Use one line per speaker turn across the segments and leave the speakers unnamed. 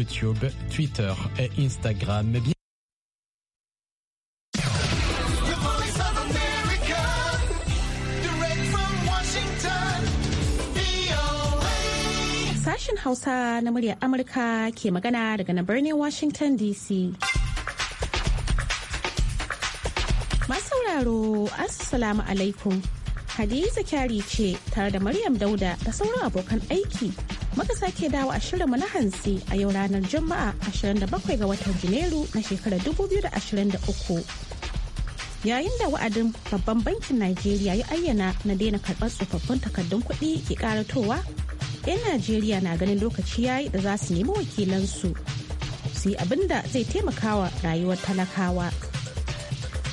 YouTube, Twitter et Instagram.
Sashen Hausa na muryar Amurka ke magana daga na birnin Washington DC. sauraro Assalamu alaikum. Hadiza Kyari ce tare da Maryam Dauda da sauran abokan aiki Muka sake dawo a shirinmu na hantsi a yau ranar Juma'a 27 ga watan Janairu na shekarar 2023. yayin da wa'adin babban bankin najeriya ya ayyana na daina karɓar tsofaffin takardun kuɗi ke karatowa 'yan najeriya na ganin lokaci yayi da za su nemi wakilansu su yi abin da zai taimakawa rayuwar talakawa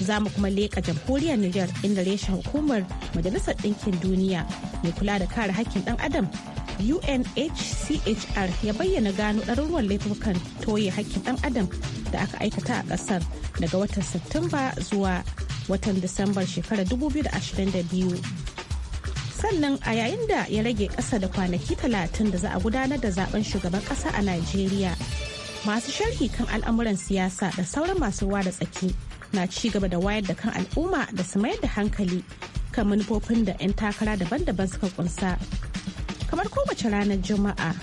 za mu kuma leƙa jamhuriyar niger inda reshen hukumar majalisar ɗinkin duniya mai kula da kare haƙƙin ɗan adam unhchr ya bayyana gano ɗaruruwan laifukan toye hakkin ɗan adam da aka aikata a ƙasar daga watan Satumba zuwa watan Disambar shekarar 2022. Sannan a yayin da ya rage ƙasa da kwanaki talatin da za a gudanar da zaben shugaban ƙasa a Najeriya. Masu sharhi kan al'amuran siyasa da sauran masu ruwa da tsaki na ci gaba da wayar da kan al'umma da su mayar da hankali kan manufofin da 'yan takara daban-daban suka kunsa Kamar kowace ranar Juma'a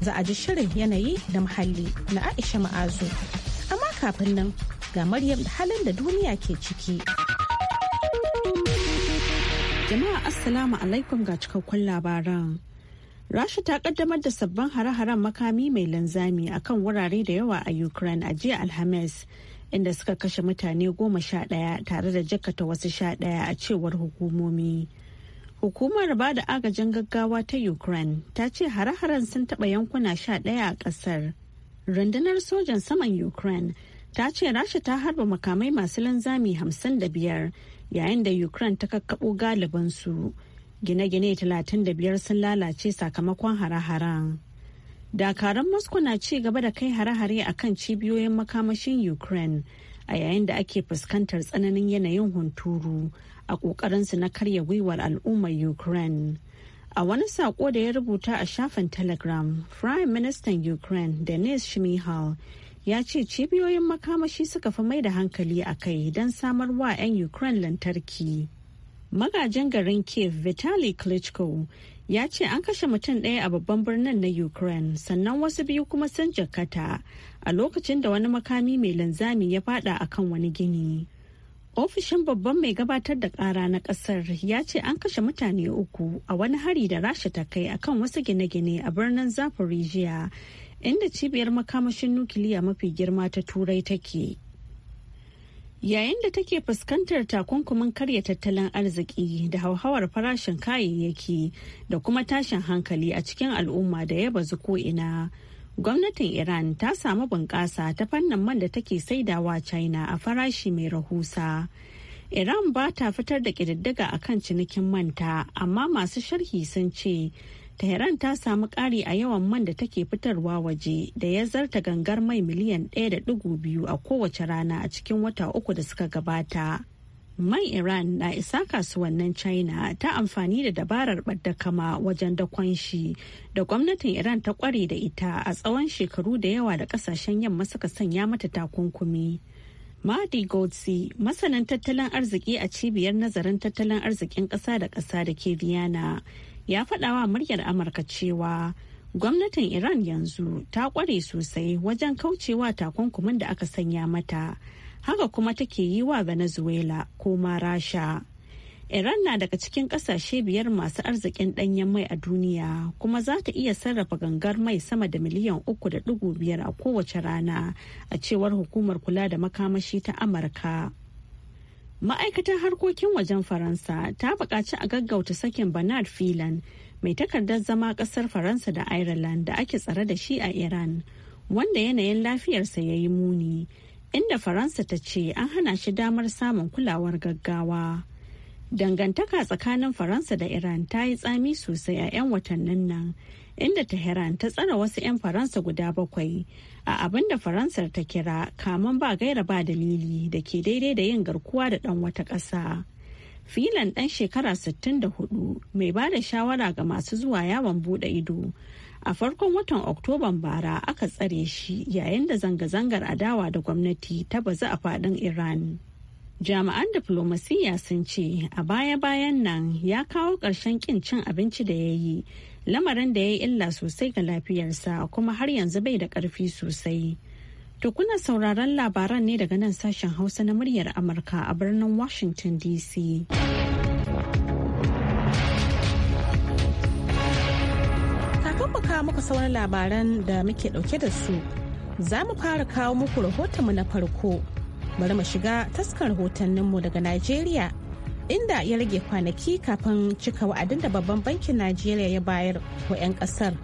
za a ji shirin yanayi da muhalli na Aisha Ma'azu. Amma kafin nan ga Maryam halin da duniya ke ciki.
Jama'a Assalamu alaikum ga cikakkun labaran. Rasha ta kaddamar da sabbin hare-haren makami mai linzami akan wurare da yawa a Ukraine a jiya Alhamis. inda suka kashe mutane goma sha ɗaya tare da jakata wasu sha ɗaya a cewar hukumomi Hukumar ba da agajin gaggawa ta Ukraine ta ce hare-haren sun taɓa yankuna sha ɗaya a ƙasar. Rundunar sojan saman Ukraine ta ce Rasha ta harba makamai masu linzami hamsin da biyar yayin da Ukraine ta kakkaɓo galibansu. Gine-gine talatin da biyar sun lalace sakamakon hare-haren. Dakaran Moscow na ci gaba da kai hare-hare a kan cibiyoyin makamashin Ukraine a yayin da ake fuskantar tsananin yanayin hunturu. a ƙoƙarinsu na karya gwiwar al'ummar ukraine a wani saƙo da ya rubuta a shafin telegram prime ministan ukraine denis shmihal ya ce cibiyoyin makamashi suka fi mai da hankali a kai don samar wa 'yan ukraine lantarki magajin garin kiev vitali klitschko ya ce an kashe mutum ɗaya a babban birnin na ukraine sannan wasu biyu kuma sun jakata a lokacin da wani makami mai linzami ya fada akan wani gini ofishin babban mai gabatar da kara na kasar ya ce an kashe mutane uku a wani hari da rasha ta kai akan wasu gine-gine a birnin zaporizhia inda cibiyar makamashin nukiliya mafi girma ta turai take yayin da take fuskantar takunkumin karya tattalin arziki da hauhawar farashin kayayyaki da kuma tashin hankali a cikin al'umma da ya bazu ko'ina. ina gwamnatin Iran ta samu bunƙasa ta fannin man da take saidawa China a farashi mai rahusa. Iran ba ta fitar da ƙididdiga a kan cinikin manta, amma masu sharhi sun ce Tehran ta samu ƙari a yawan man da take fitarwa waje da ya zarta gangar mai miliyan 1.2 a kowace rana a cikin wata uku da suka gabata. man Iran na isa kasuwannin China ta amfani da dabarar kama wajen dakon shi da gwamnatin Iran ta kware da ita a tsawon shekaru da yawa da kasashen yamma suka sanya mata takunkumi. Mahdi Godsey, masanin tattalin arziki a cibiyar nazarin tattalin arzikin ƙasa da ƙasa da ke Viyana, ya faɗawa muryar Amurka cewa gwamnatin Iran yanzu ta ƙware sosai wajen kaucewa takunkumin da aka sanya mata. haka kuma take yi wa venezuela ko ma rasha iran na daga cikin kasashe biyar masu arzikin danyen mai a duniya kuma za ta iya sarrafa gangar mai sama da miliyan uku da dugu biyar a kowace rana a cewar hukumar kula da makamashi ta amurka ma'aikatar harkokin wajen faransa ta buƙaci a gaggauta sakin bernard filan mai takardar zama ƙasar faransa da ireland da ake tsare da shi a iran wanda yanayin lafiyarsa ya yi muni inda faransa ta ce an hana shi damar samun kulawar gaggawa dangantaka tsakanin faransa da iran ta yi tsami sosai a 'yan watannin nan inda tehran ta tsara wasu 'yan faransa guda bakwai a abin da faransar ta kira kaman ba gaira ba dalili da ke daidai da yin garkuwa da dan wata ƙasa filan dan shekara 64 mai ba da shawara ga masu zuwa yawon bude ido a farkon watan oktoban bara aka tsare shi yayin da zanga-zangar adawa da gwamnati ta bazu a fadin iran jami'an diflomasiyya sun ce a baya-bayan nan ya kawo ƙarshen ƙin cin abinci da ya yi lamarin da ya yi illa sosai ga lafiyarsa kuma har yanzu bai da ƙarfi sosai to sauraron labaran ne daga nan sashen hausa na muryar amurka a birnin washington dc
kammala muku sauran labaran da muke dauke da su za mu fara kawo muku rahotonmu na farko bari mu shiga taskar rahotanninmu daga Najeriya inda ya rage kwanaki kafin cika wa'adin da babban bankin Najeriya ya bayar wa 'yan kasar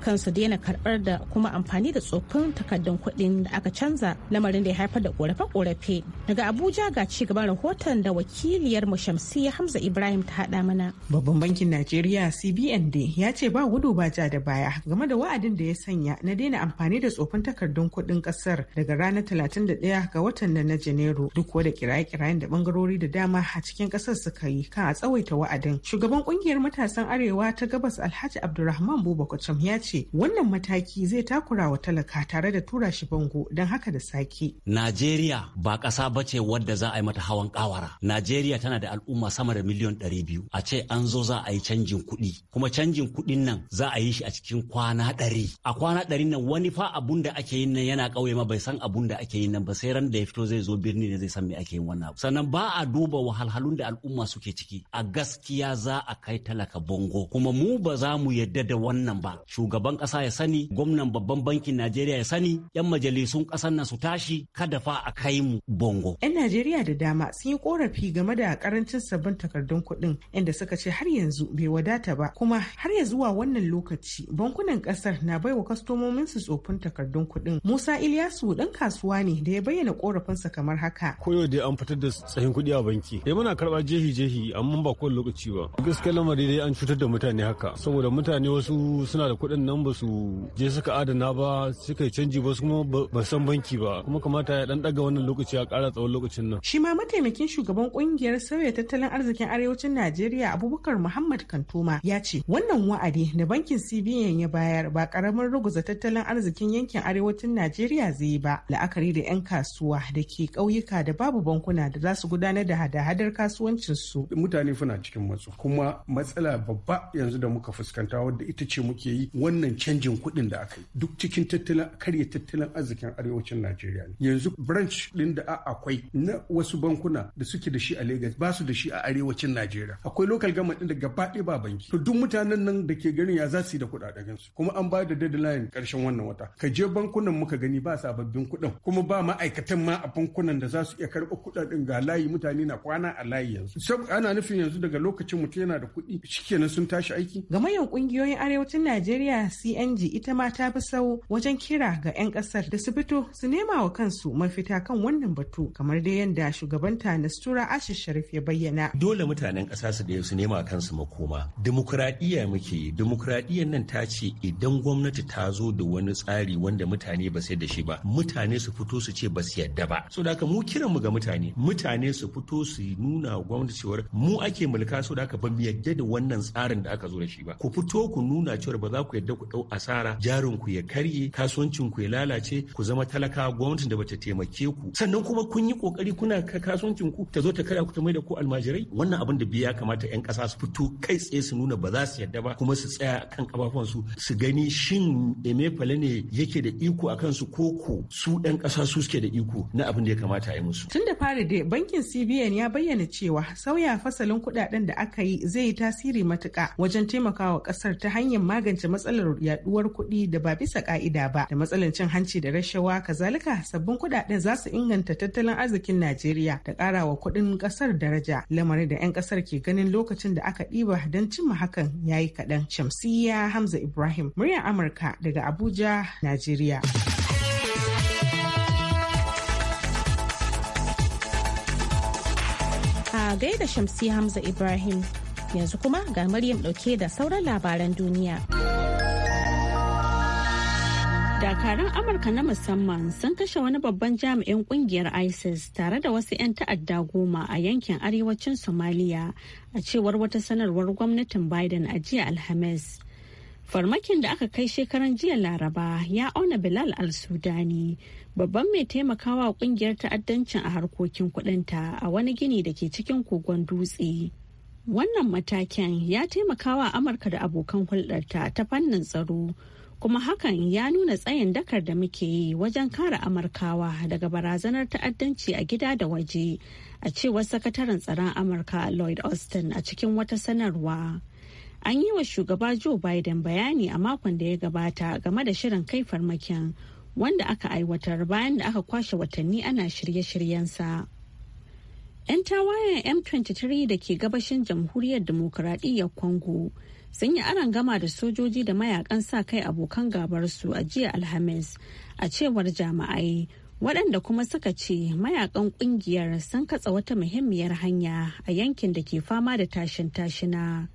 kan daina karbar da kuma amfani da tsoffin takardun kuɗin da aka canza lamarin da ya haifar da korafe-korafe daga abuja ga ci gaban
rahoton da wakiliyar mu shamsiya hamza ibrahim ta haɗa mana babban bankin najeriya cbn da ya ce ba gudu ba ja da baya game da wa'adin da ya sanya na daina amfani da tsofin takardun kuɗin ƙasar daga ranar talatin da ɗaya ga watan nan na janairu duk da kiraye-kirayen da ɓangarori da dama a cikin ƙasar suka yi kan a tsawaita wa'adin shugaban kungiyar matasan arewa ta gabas alhaji abdulrahman bubakwacam ya ce ce wannan mataki zai takura wa talaka tare da tura shi bango don haka da sake.
Najeriya ba ƙasa ba ce wadda za a yi mata hawan kawara Najeriya tana da al'umma sama da miliyon ɗari biyu. A ce an zo za a yi canjin kuɗi. Kuma canjin kuɗin nan za a yi shi a cikin kwana ɗari. A kwana ɗari nan wani fa abun da ake yin nan yana ƙauye ma bai san abun da ake yin nan ba sai ran da ya fito zai zo birni ne zai san me ake yin wannan abu. Sannan ba a duba wahalhalun da al'umma suke ciki. A gaskiya za a kai talaka bango, Kuma mu ba za mu yadda da wannan ba. Shugaban shugaban kasa ya sani gwamnan babban bankin najeriya ya sani yan majalisun kasan nan su tashi kada fa a kai mu bongo yan najeriya da dama sun yi
korafi game da karancin sabbin takardun kuɗin inda suka ce har yanzu bai wadata ba kuma har ya zuwa wannan lokaci bankunan kasar na bai wa kwastomomin su tsofin takardun kuɗin musa ilyasu dan kasuwa ne da ya bayyana korafinsa kamar haka
koyo dai an fitar da tsahin kuɗi a banki dai eh, muna karɓa jehi jehi amma ba kowane lokaci ba gaskiya lamari dai an cutar da mutane haka saboda mutane wasu suna da kuɗin nan ba su je suka adana ba suka yi canji ba su kuma ba san banki ba kuma kamata ya dan daga wannan lokaci ya kara tsawon lokacin nan. Shi
ma mataimakin shugaban kungiyar sauya tattalin arzikin arewacin Najeriya Abubakar Muhammad Kantoma ya ce wannan wa'adi da bankin CBN ya bayar ba karamin ruguza tattalin arzikin yankin arewacin Najeriya zai ba la'akari da 'yan kasuwa da ke ƙauyuka da babu bankuna da za su gudanar da
hada-hadar kasuwancin su. Mutane suna cikin matsu kuma matsala babba yanzu da muka fuskanta wadda ita ce muke yi wannan canjin kuɗin da aka yi duk cikin tattalin karya tattalin arzikin arewacin Najeriya ne. Yanzu branch din da akwai na wasu bankuna da suke da shi a Legas. ba su da shi a arewacin Najeriya. Akwai local government ɗin da gaba ɗaya ba banki. To duk mutanen nan da ke garin ya za su yi da kuɗaɗen su kuma an ba da deadline ƙarshen wannan wata. Ka je bankunan muka gani ba sababbin kuɗin kuma ba ma'aikatan ma a bankunan da za su iya karɓa kuɗaɗen ga layi mutane na kwana a layi yanzu. Sab ana nufin yanzu daga lokacin mutum yana da kuɗi shikenan sun tashi aiki.
Gamayyar ƙungiyoyin arewacin Najeriya CNG ita ma ta bi sau wajen kira ga 'yan kasar da su fito su nema wa kansu mafita kan wannan batu kamar dai yadda shugabanta Nastura Ashish Sharif ya bayyana.
Dole mutanen ƙasa su da su nema wa kansu makoma. Dimokuraɗiyya muke, yi dimokuraɗiyyar nan ta ce idan gwamnati ta zo da wani tsari wanda mutane ba su da shi ba, mutane su fito su ce ba su yadda ba. So da mu kiran mu ga mutane, mutane su fito su nuna wa gwamnati cewar mu ake mulka so da ba mu yadda da wannan tsarin da aka zo da shi ba. Ku fito ku nuna cewar ba za ku yadda ku ɗau asara jarin ku ya karye kasuwancin ku ya lalace ku zama talaka gwamnatin da bata taimake ku sannan kuma kun yi kokari kuna kasuwancin ku ta zo ta kara ku ta maida ko almajirai wannan abin da biya kamata yan ƙasa su fito kai tsaye su nuna ba za su yadda ba kuma su tsaya kan kafafuwansu su gani shin emefale ne yake da iko a kansu ko ko su ɗan ƙasa su suke da iko na abin da ya kamata a yi musu.
Tun da fari dai bankin CBN ya bayyana cewa sauya fasalin kuɗaɗen da aka yi zai yi tasiri matuka. wajen taimakawa ƙasar ta hanyar magance matsalar matsalar yaduwar kuɗi da ba bisa ka'ida ba da matsalar cin hanci da rashawa kazalika sabbin kuɗaɗen za su inganta tattalin arzikin Najeriya da wa kuɗin ƙasar daraja lamarin da 'yan ƙasar ke ganin lokacin da aka ɗiba don cimma hakan ya yi kaɗan. shamsiya Hamza Ibrahim muryar Amurka daga Abuja, Najeriya.
A gaida shamsi Hamza Ibrahim yanzu kuma ga Maryam ɗauke da sauran labaran
duniya. Dakarun Amurka na musamman sun kashe wani babban jami'in kungiyar ISIS tare da wasu 'yan ta'adda goma a yankin arewacin Somalia a cewar wata sanarwar gwamnatin Biden a jiya Alhamis. Farmakin da aka kai shekaran jiya Laraba ya auna Bilal al-Sudani, babban mai taimakawa kungiyar ta'addancin a harkokin kudinta a wani gini da ke cikin kogon dutse. Wannan matakin ya taimakawa Amurka da abokan hulɗarta ta fannin tsaro kuma hakan ya nuna tsayin dakar da muke yi wajen kare amurkawa daga barazanar ta'addanci a gida da waje a cewar sakataren tsaron amurka lloyd austin a cikin wata sanarwa an yi wa shugaba joe biden bayani a makon da ya gabata game da shirin kai farmakin wanda aka aiwatar bayan da aka kwashe watanni ana shirye-shiryensa. 'yan tawayen m23 da ke gabashin jamhuriyar demokradiyyar congo sun yi aron gama da sojoji da mayakan sa kai abokan gabarsu a jiya alhamis a cewar jama'ai waɗanda kuma suka ce mayakan ƙungiyar sun katsa wata muhimmiyar hanya a yankin da ke fama da tashin tashina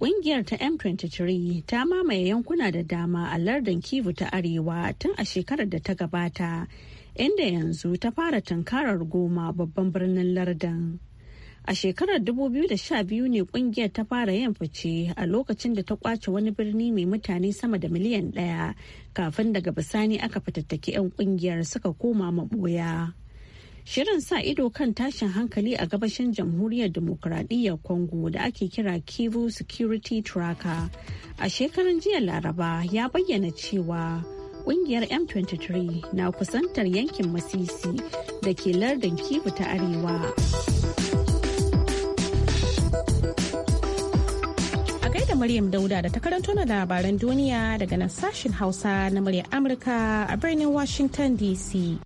ƙungiyar ta m23 ta mamaye yankuna da dama a lardin kivu ta arewa tun a shekarar da ta gabata inda yanzu ta fara tunkarar goma babban birnin lardin A shekarar 2012 ne kungiyar ta fara yin fice a lokacin da ta kwace wani birni mai mutane sama da miliyan ɗaya kafin daga bisani aka fitattaki 'yan kungiyar suka koma maboya. Shirin sa ido kan tashin hankali a gabashin jamhuriyar demokuraɗiyyar Congo da ake kira Kivu Security Tracker a shekaran jiya Laraba ya bayyana cewa kungiyar M23 na kusantar yankin Masisi da ke lardin Kivu ta Arewa. Maryam Dauda da ta
karanto na labaran duniya daga nan sashen Hausa na muryar Amurka a birnin Washington DC.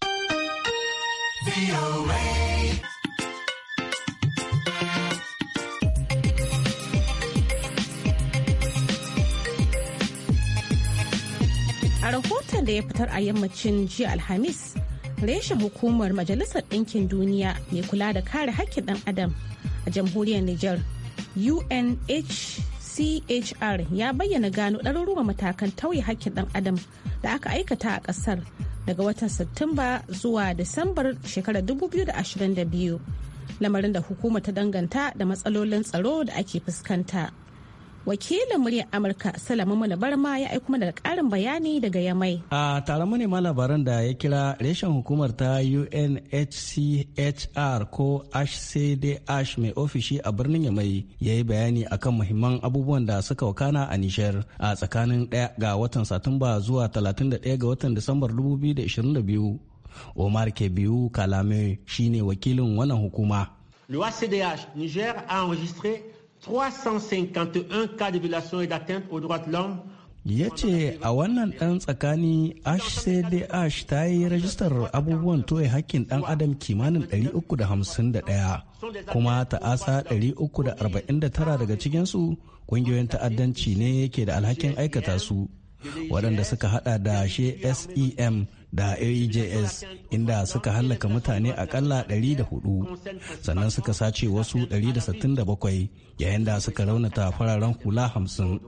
A rahoton da ya fitar a yammacin jiya Alhamis, reshen hukumar Majalisar Ɗinkin Duniya mai kula da kare haƙƙin ɗan Adam a jamhuriyar Nijar, UNH chr ya bayyana gano ɗaruruwa matakan tauye hakkin ɗan adam da aka aikata a ƙasar daga watan satumba zuwa disambar shekarar 2022 lamarin da hukuma ta danganta da matsalolin tsaro da ake fuskanta. wakilin muryar amurka salamu mana barma ya aiko mana da karin bayani daga yamai
a taron manema labaran da ya kira reshen hukumar ta unhchr ko hcdh mai ofishi a birnin yamai ya yi bayani akan muhimman abubuwan da suka wakana a nishar a tsakanin 1 ga watan satumba zuwa 31 ga watan disambar 2022 omar kebiu kalame shine wakilin wannan hukuma Le ACDH Niger a enregistré 351 cas de violation et d'atteinte aux droits de l'homme ya ce a wannan ɗan tsakani hcdh ta yi rajistar abubuwan toye hakkin ɗan adam kimanin 351 kuma ta'asa 349 daga cikinsu ƙungiyoyin ta'addanci ne ke da alhakin aikata su waɗanda suka hada da sem da aejs inda suka hallaka mutane akalla 104 sannan suka sace wasu 167 yayin da suka raunata fararen hula 50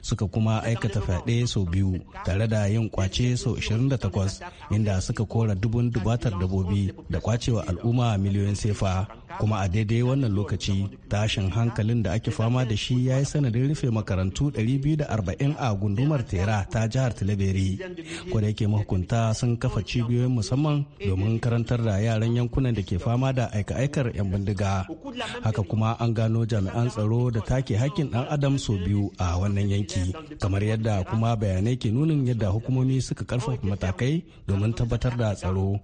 suka kuma aikata fyaɗe sau biyu tare da yin kwace sau 28 inda suka kora dubun dubatar dabobi da kwacewa al'umma miliyoyin sefa kuma a daidai wannan lokaci tashin hankalin da ake fama da shi ya yi sanadin rufe makarantu 240 a gundumar tera ta jihar tilaberi ko yake mahukunta sun kafa cibiyoyin musamman domin karantar da yaran yankunan da ke fama da aika-aikar 'yan bindiga haka kuma an gano jami'an tsaro da take hakkin ɗan adam sau biyu a wannan yanki kamar yadda kuma bayanai ke nunin yadda hukumomi suka karfafa matakai domin tabbatar da tsaro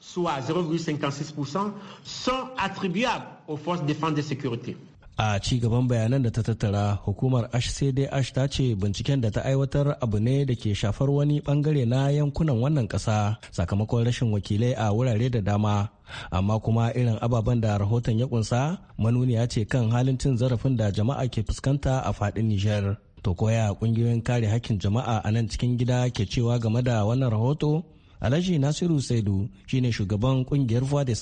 soit 0,56%, sont attribuables aux forces de défense de sécurité. a ci gaban bayanan da ta tattara hukumar hcdh ta ce binciken da ta aiwatar abu ne da ke shafar wani bangare na yankunan wannan kasa sakamakon rashin wakilai a wurare da dama amma kuma irin ababen da rahoton ya kunsa manuniya ce kan halin cin zarafin da jama'a ke fuskanta a fadin nijar to koya kungiyoyin kare hakkin jama'a a nan cikin gida ke cewa game da wannan rahoto alhaji nasiru saidu shine shugaban kungiyar voix de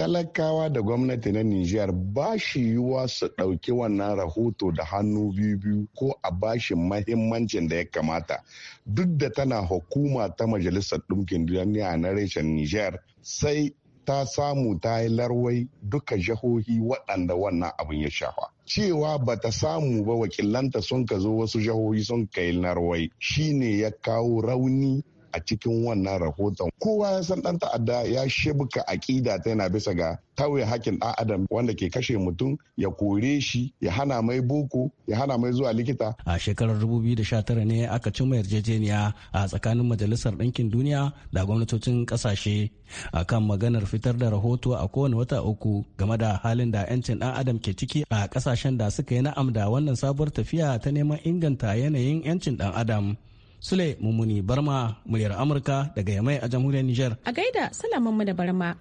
talakawa
da gwamnati na Nijar ba shi yiwuwa su ɗauki wannan rahoto da hannu biyu-biyu ko a bashi mahimmancin da ya kamata duk da tana hukuma ta majalisar ɗinkin duniya na reshen Nijar sai ta samu ta yi larwai duka jihohi waɗanda wannan abin ya shafa. Cewa ba ta samu ba wakilanta sun ka zo wasu jihohi sun ka yi larwai shine ya kawo rauni a cikin wannan rahoton kowa ya san dan ta'adda ya shebuka aƙida ta yana bisa ga tauye hakin ɗan adam wanda ke kashe mutum ya kore shi ya hana mai boko ya hana
mai zuwa likita a shekarar 2019 ne aka cimma yarjejeniya a tsakanin majalisar ɗinkin duniya da gwamnatocin ƙasashe akan maganar fitar da rahoto a kowane wata uku game da halin da 'yancin ɗan adam ke ciki a ƙasashen da suka yi na'am da wannan sabuwar tafiya ta neman inganta yanayin 'yancin ɗan adam Sule Mummuni Barma muryar Amurka daga Yamai a jamhuriyar Nijar.
A gaida mu da Barma.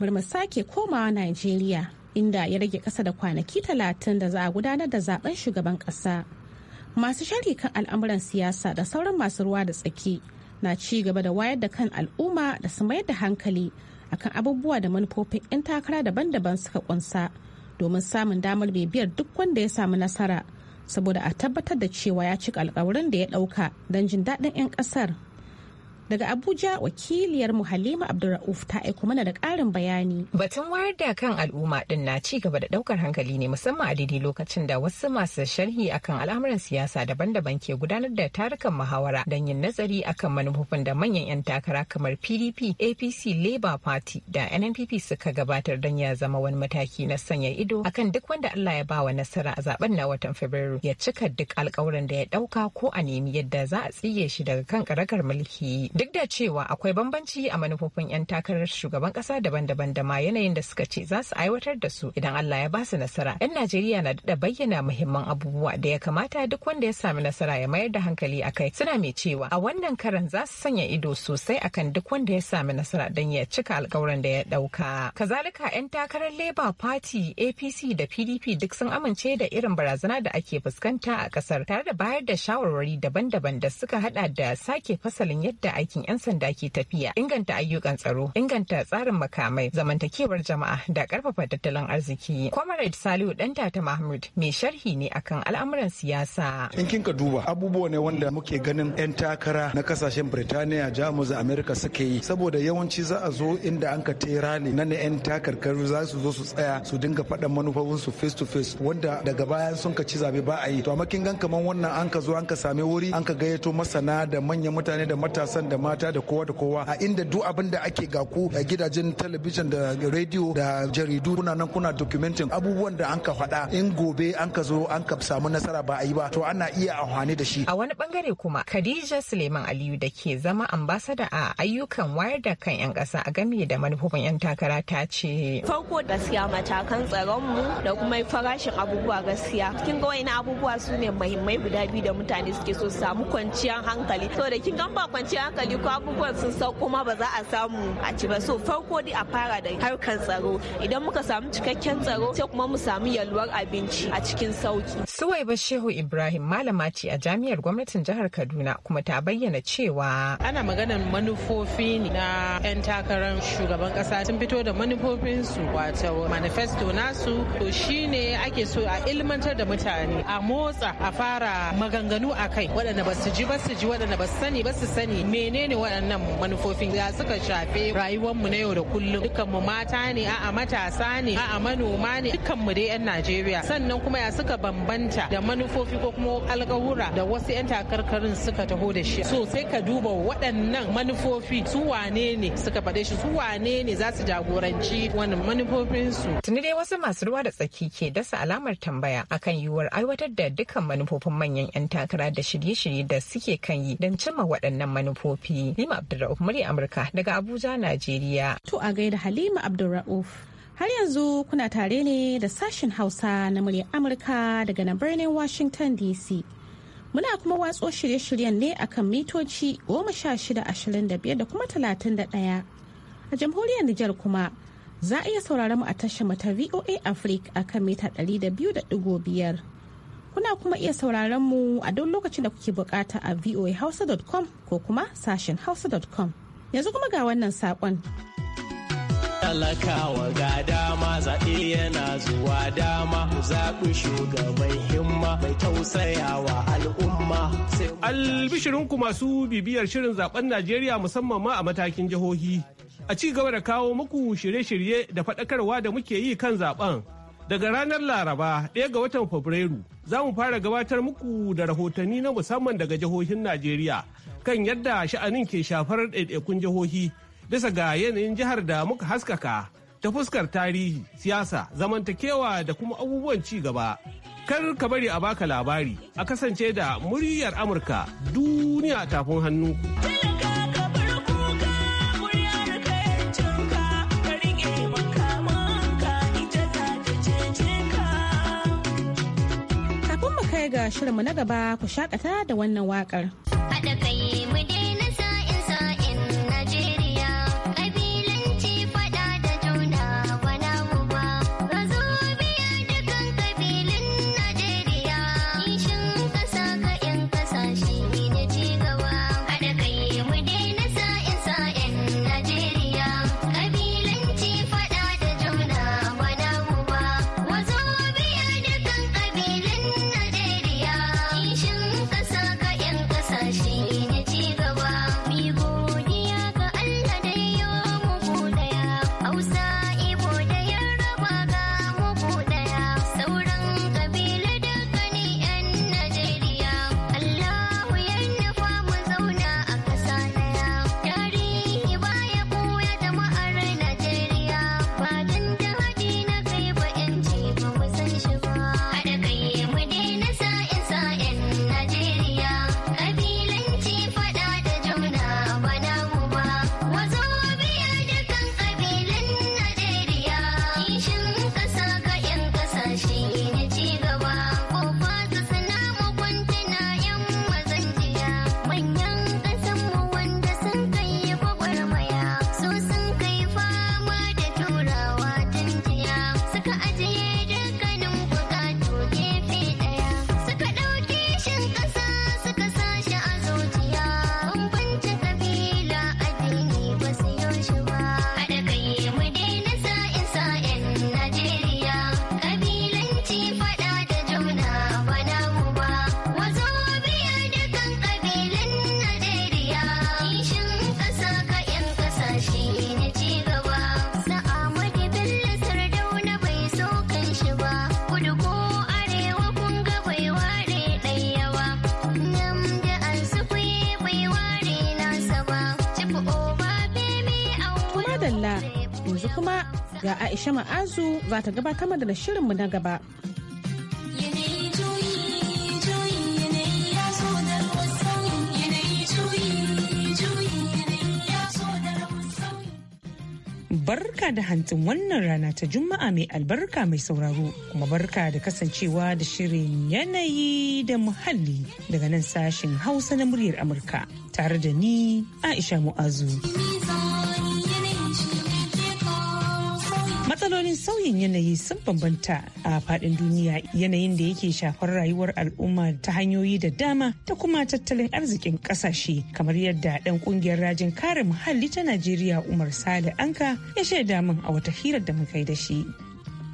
Barma sake komawa Najeriya inda ya rage ƙasa da kwanaki talatin da za a gudanar da zaben shugaban ƙasa. Masu sharhi kan al'amuran siyasa da sauran masu ruwa da tsaki na ci gaba da wayar da kan al'umma da su mayar da hankali akan abubuwa da manufofin 'yan takara daban-daban suka kunsa domin samun damar bibiyar duk wanda ya samu nasara saboda a tabbatar da cewa ya cika alkawarin da ya dauka don jin daɗin 'yan ƙasar
Daga Abuja wakiliyar mu Halima Abdulrauf ta aiko mana da karin bayani. Batun wayar da kan al'umma din na ci gaba da daukar hankali ne musamman a daidai lokacin da wasu masu sharhi akan al'amuran siyasa daban-daban ke gudanar da tarukan muhawara don yin nazari akan manufofin da manyan 'yan takara kamar PDP, APC, Labour Party da NNPP suka gabatar don ya zama wani mataki na sanya ido akan duk wanda Allah ya bawa nasara a zaben na watan Fabrairu ya cika duk alkawuran da ya dauka ko a nemi yadda za a tsige shi daga kan karakar mulki. duk da cewa akwai bambanci a manufofin 'yan takarar shugaban kasa daban-daban da ma yanayin da suka ce za su aiwatar da su idan Allah ya ba su nasara 'yan Najeriya na da bayyana muhimman abubuwa da ya kamata duk wanda ya sami nasara ya mayar da hankali a kai suna mai cewa a wannan karan za su sanya ido sosai akan duk wanda ya sami nasara don ya cika alkawuran da ya dauka kazalika 'yan takarar Labour Party APC da PDP duk sun amince da irin barazana da ake fuskanta a kasar tare da bayar da shawarwari daban-daban da suka hada da sake fasalin yadda ake aikin 'yan sanda ke tafiya inganta ayyukan tsaro inganta tsarin makamai zamantakewar jama'a da karfafa tattalin arziki comrade salihu dan tata mahmud mai sharhi ne akan al'amuran siyasa
in kin ka duba abubuwa ne wanda muke ganin 'yan takara na kasashen birtaniya jamus da america suke yi saboda yawanci za a zo inda an ka ne na ne 'yan takarkaru za su zo su tsaya su dinga faɗan manufofinsu face to face wanda daga baya sun ka ci zabe ba a yi to amma kin gan kaman wannan an ka zo an ka sami wuri an ka gayyato masana da manyan mutane da matasan da mata da kowa da kowa a inda duk abin da ake ga ku a gidajen talabijin da rediyo da jaridu kuna nan kuna documentin abubuwan da an ka faɗa in gobe an ka zo an ka samu nasara ba a yi ba to ana iya amfani da shi. A
wani bangare kuma Khadija Suleiman Aliyu da ke zama ambassador a ayyukan wayar da kan 'yan kasa a game da manufofin 'yan takara ta ce. Farko
gaskiya matakan tsaron mu da kuma farashin abubuwa gaskiya. Kin ga wani abubuwa su ne muhimmai guda biyu da mutane suke so su samu kwanciyar hankali. saboda da kin ga ba kwanciyar hankali hankali ko abubuwan sun sau kuma ba za a samu a ci ba so farko dai a fara da harkar tsaro idan muka samu cikakken tsaro sai kuma mu samu yalwar
abinci a cikin sauki. ba Shehu Ibrahim malama ce a jami'ar gwamnatin jihar Kaduna kuma ta bayyana cewa ana maganar
manufofi na 'yan takarar shugaban kasa sun fito da manufofinsu wato manifesto nasu to shine ake so a ilmantar da mutane a motsa a fara maganganu a kai waɗanda ba su ji ba su ji waɗanda ba su sani ba su sani menene waɗannan manufofin da suka shafe rayuwarmu na yau da kullum dukkanmu mata ne a'a matasa ne a'a manoma ne dukkanmu dai 'yan Najeriya sannan kuma ya suka bambanta da manufofi ko kuma alkawura da wasu 'yan takarkarin suka taho da shi so sai ka duba waɗannan
manufofi su wane ne suka faɗe shi su wane ne za su jagoranci wannan manufofinsu. Tuni dai wasu masu ruwa da tsaki ke dasa alamar tambaya akan yiwuwar aiwatar da dukkan manufofin manyan 'yan takara da shirye-shirye da suke kan yi don cimma waɗannan manufofi. Rufi, Halima Abdulrauf murya Amurka daga Abuja Najeriya to a gaida Halima Abdulrauf Har
yanzu kuna tare ne da sashen Hausa na muryar Amurka daga nan birnin Washington DC. Muna kuma watso shirye-shiryen ne akan mitoci 1625 da kuma 31. A jamhuriyar Nijar kuma za a iya sauraron mu a tashar mata VOA Africa akan mita 200.5. Kuna kuma iya sauraron mu a duk lokacin da kuke bukata a voahausa.com ko kuma sashen hausa.com. Yanzu kuma ga wannan sakon
Talakawa ga dama zaɓe yana zuwa dama zaɓi shugaban himma mai tausayawa al'umma. Albishirinku masu bibiyar shirin zaben Najeriya
musamman ma a matakin jihohi. A ci gaba da kawo muku shirye-shirye da faɗakarwa da muke yi kan zaben. Daga ranar Laraba ɗaya ga watan Fabrairu za mu fara gabatar muku da rahotanni na musamman daga jihohin Najeriya kan yadda sha'anin ke shafar ɗaiɗaikun jihohi bisa ga yanayin jihar da muka haskaka ta fuskar tarihi, siyasa, zamantakewa da kuma abubuwan ci gaba. Kar ka bari a baka labari a kasance da muryar Amurka duniya tafin hannu.
kai ga shirinmu na gaba ku shakata da wannan waƙar.
Haɗa kai mu daina sa
kuma ga Aisha Ma'azu za ta gabatar mana da shirinmu na gaba.
barka da hantsin wannan rana ta juma'a mai albarka mai sauraro kuma barka da kasancewa da shirin yanayi da muhalli daga nan sashen hausa na muryar amurka tare da ni aisha mu'azu. hanyoyin sauyin yanayi sun bambanta a faɗin duniya yanayin da yake shafar rayuwar al'umma ta hanyoyi da dama ta kuma tattalin arzikin ƙasashe kamar yadda ɗan ƙungiyar rajin kare muhalli ta Najeriya Umar Sale Anka ya shaida min a wata hirar da muka yi da shi.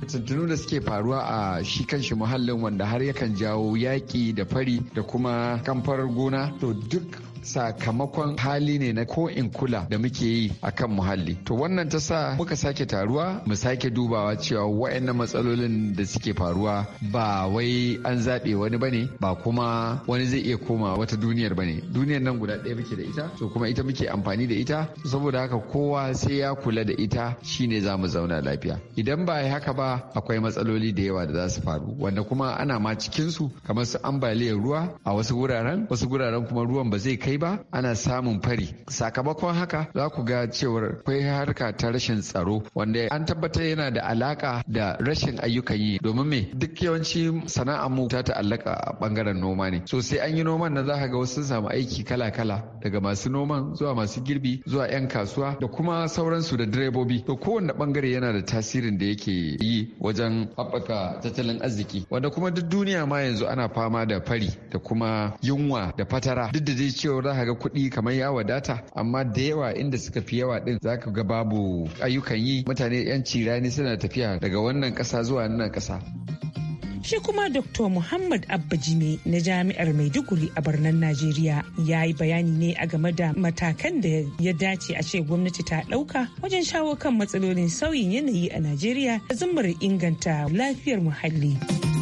fitattunu da suke faruwa a shi kanshi muhallin wanda har yakan jawo yaƙi da fari da kuma kamfar gona to duk sakamakon hali ne na ko in kula da muke yi a kan muhalli to wannan ta sa muka sake taruwa mu sake dubawa cewa wa'annan matsalolin da suke faruwa ba wai an zaɓe wani bane ba kuma wani zai iya koma wata duniyar bane duniyar nan guda ɗaya muke da ita to kuma ita muke amfani da ita saboda haka kowa sai ya kula da ita shine za mu zauna lafiya idan ba haka ba akwai matsaloli da yawa da za su faru wanda kuma ana ma cikin su kamar su ambaliyar ruwa a wasu wuraren wasu wuraren kuma ruwan ba zai kai ba ana samun fari sakamakon haka za ku ga cewar akwai harka ta rashin tsaro wanda an tabbatar yana da alaka da rashin ayyukan yi domin me duk yawanci sana'ar mu ta ta'allaka a bangaren noma ne so sai an yi noman na za ka ga wasu samu aiki kala-kala daga masu noman zuwa masu girbi zuwa 'yan kasuwa da kuma sauransu da direbobi to kowanne bangare yana da tasirin da yake yi wajen haɓaka tattalin arziki wanda kuma duk duniya ma yanzu ana fama da fari da kuma yunwa da fatara duk da dai cewa za ka ga kuɗi kamar ya wadata amma da yawa inda suka fi yawa din za ka ga babu ayyukan yi mutane 'yan cirani suna tafiya daga wannan ƙasa zuwa wannan ƙasa.
Shi kuma Dr. Muhammad Abba Jime na Jami'ar Maiduguri a birnin Najeriya ya yi bayani ne a game da matakan da ya dace a ce gwamnati ta ɗauka wajen shawo kan matsalolin sauyin yanayi a Najeriya da zumar inganta lafiyar muhalli.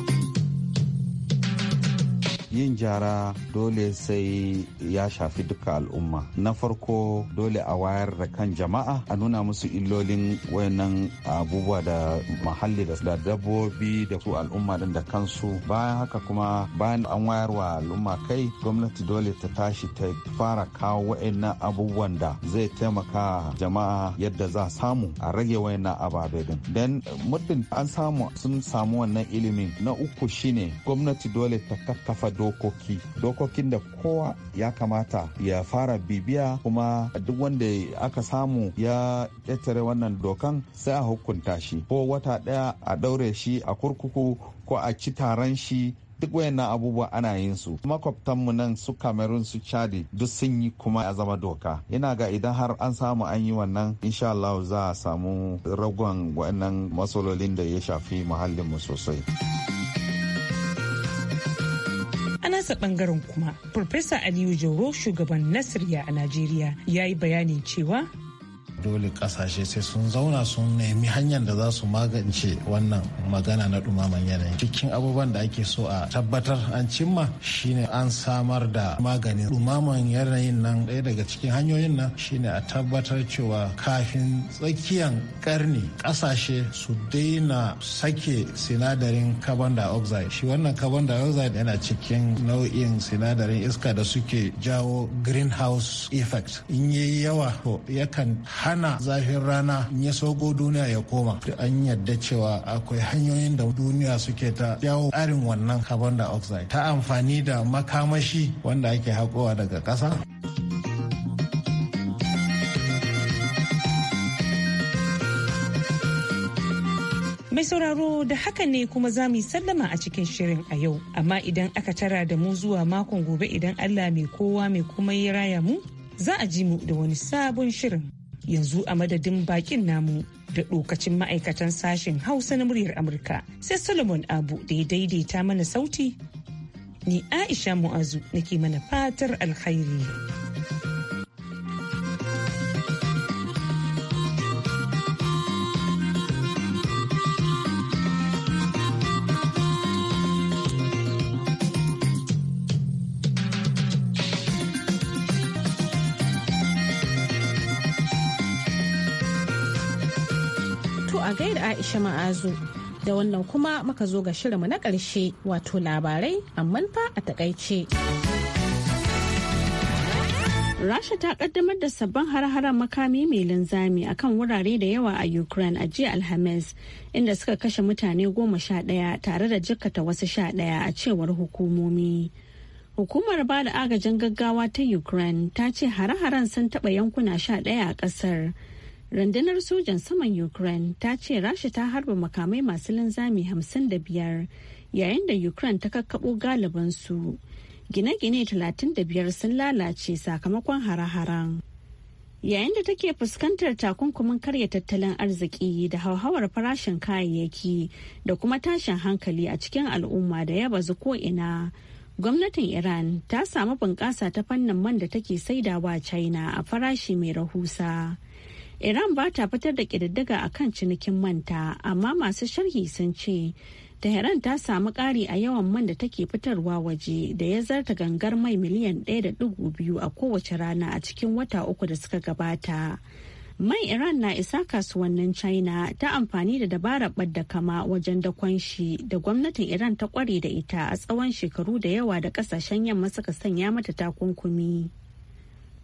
yin jara dole sai ya shafi duka al'umma na farko dole a wayar da kan jama'a a nuna musu illolin wayannan abubuwa da muhalli da dabbobi da su al'umma din da kansu bayan haka kuma bayan an wayar wa al'umma kai gwamnati dole ta tashi ta fara kawo wayannan abubuwan da zai taimaka jama'a yadda za samu a rage wayannan ababe din dan muddin an samu sun samu wannan ilimin na uku shine gwamnati dole ta kafa dokoki dokokin da kowa ya kamata ya fara bibiya kuma duk wanda aka samu ya ƙetare wannan dokan sai a hukunta shi ko wata ɗaya a ɗaure shi a kurkuku ko a ci taron shi duk wayannan abubuwa ana yin su makwabtanmu nan su kamerun su chadi duk sun yi kuma ya zama doka ina ga idan har an samu an yi wannan insha Allah za a samu ragon wannan matsalolin da ya shafi muhallinmu sosai.
nasa bangaren kuma Farfesa Aliyu Jauro shugaban Nasirya a Najeriya ya yi bayanin cewa
dole kasashe sai sun zauna sun nemi hanyar da za su magance wannan magana na dumaman yanayi cikin abubuwan da ake so a tabbatar an cimma shine an samar da maganin dumaman yanayin nan ɗaya daga cikin hanyoyin nan shine a tabbatar cewa kafin tsakiyan karni kasashe su daina sake sinadarin carbon dioxide shi wannan carbon dioxide yana cikin nau'in sinadarin iska da suke jawo greenhouse effect in yayi yawa ko yakan hana zafin rana in ya sauko duniya ya koma da an yadda cewa akwai hanyoyin da duniya suke ta yawo ƙarin wannan carbon dioxide ta amfani da makamashi wanda ake haƙowa daga ƙasa.
Mai sauraro da haka ne kuma za mu yi sallama a cikin shirin a yau, amma idan aka tara da mu zuwa makon gobe idan Allah mai kowa mai kuma ya raya mu, za a ji mu da wani sabon shirin. yanzu a madadin bakin namu da ɗokacin ma'aikatan sashen hausa na muryar amurka sai solomon abu da ya daidaita mana sauti ni aisha mu'azu nake mana fatar alkhairi.
Aisha Ma'azu. Da wannan kuma muka zo ga shirinmu na ƙarshe wato labarai amma fa a
takaice. Rasha ta kaddamar da sabbin har-haren makami mai linzami akan wurare da yawa a Ukraine a jiya Alhamis, inda suka kashe mutane goma sha ɗaya tare da jikkata wasu sha ɗaya a cewar hukumomi. Hukumar ba da agajin gaggawa ta Ukraine ta ce har haren sun taɓa yankuna sha ɗaya a ƙasar. Rundunar sojan saman Ukraine ta ce Rasha ta harba makamai masu linzami hamsin da biyar yayin da Ukraine ta kakkaɓo galibansu. Gine-gine talatin da biyar sun lalace sakamakon hare-haren. Yayin da take fuskantar takunkumin karya tattalin arziki da hauhawar farashin kayayyaki da kuma tashin hankali a cikin al'umma da ya bazu ko'ina. Gwamnatin Iran ta samu bunƙasa ta fannin man da take saidawa China a farashi mai rahusa. Iran ba ta fitar da ƙididdiga a kan cinikin manta, amma masu sharhi sun ce, Tehran ta samu ƙari a yawan man da take fitarwa waje da ya zarta gangar mai miliyan 1.2 a kowace rana a cikin wata uku da suka gabata. Mai Iran na isa kasuwannin China ta amfani da dabarar ɓadda kama wajen dakon shi da gwamnatin Iran ta ƙware da ita a tsawon shekaru da yawa da ƙasashen yamma suka sanya mata takunkumi.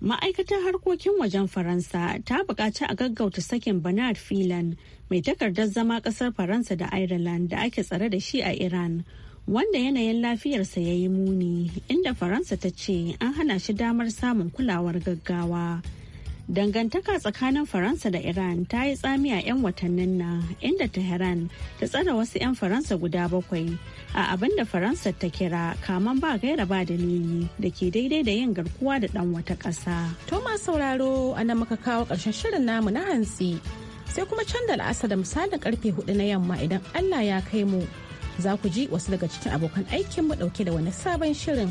ma'aikatar harkokin wajen faransa ta buƙaci a gaggauta sakin bernard filan mai takardar zama ƙasar faransa da ireland da ake tsare da shi a iran wanda yanayin lafiyarsa ya yi muni inda faransa ta ce an hana shi damar samun kulawar gaggawa dangantaka tsakanin faransa da iran ta yi tsami a 'yan watannin na inda tehran ta tsara wasu 'yan faransa guda bakwai a abin da faransa ta kira kaman ba gaira ba dalili da ke daidai da yin garkuwa da dan wata ƙasa. thomas sauraro ana
maka kawo ƙarshen shirin namu na hantsi sai kuma can da la'asa da misalin karfe hudu na yamma idan allah ya kai mu za ku ji wasu daga cikin abokan aikin mu dauke da wani sabon shirin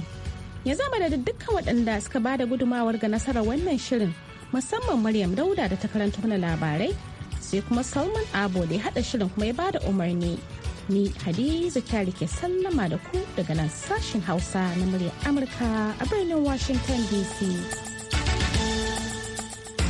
ya zama da dukkan waɗanda suka bada gudumawar ga nasarar wannan shirin musamman Maryam Dauda da ta karanta mana labarai sai kuma Salman Abo da ya haɗa shirin kuma ya bada umarni. Ni Hadiza Kyari ke sallama da ku daga nan sashen Hausa na muryar Amurka a birnin Washington DC.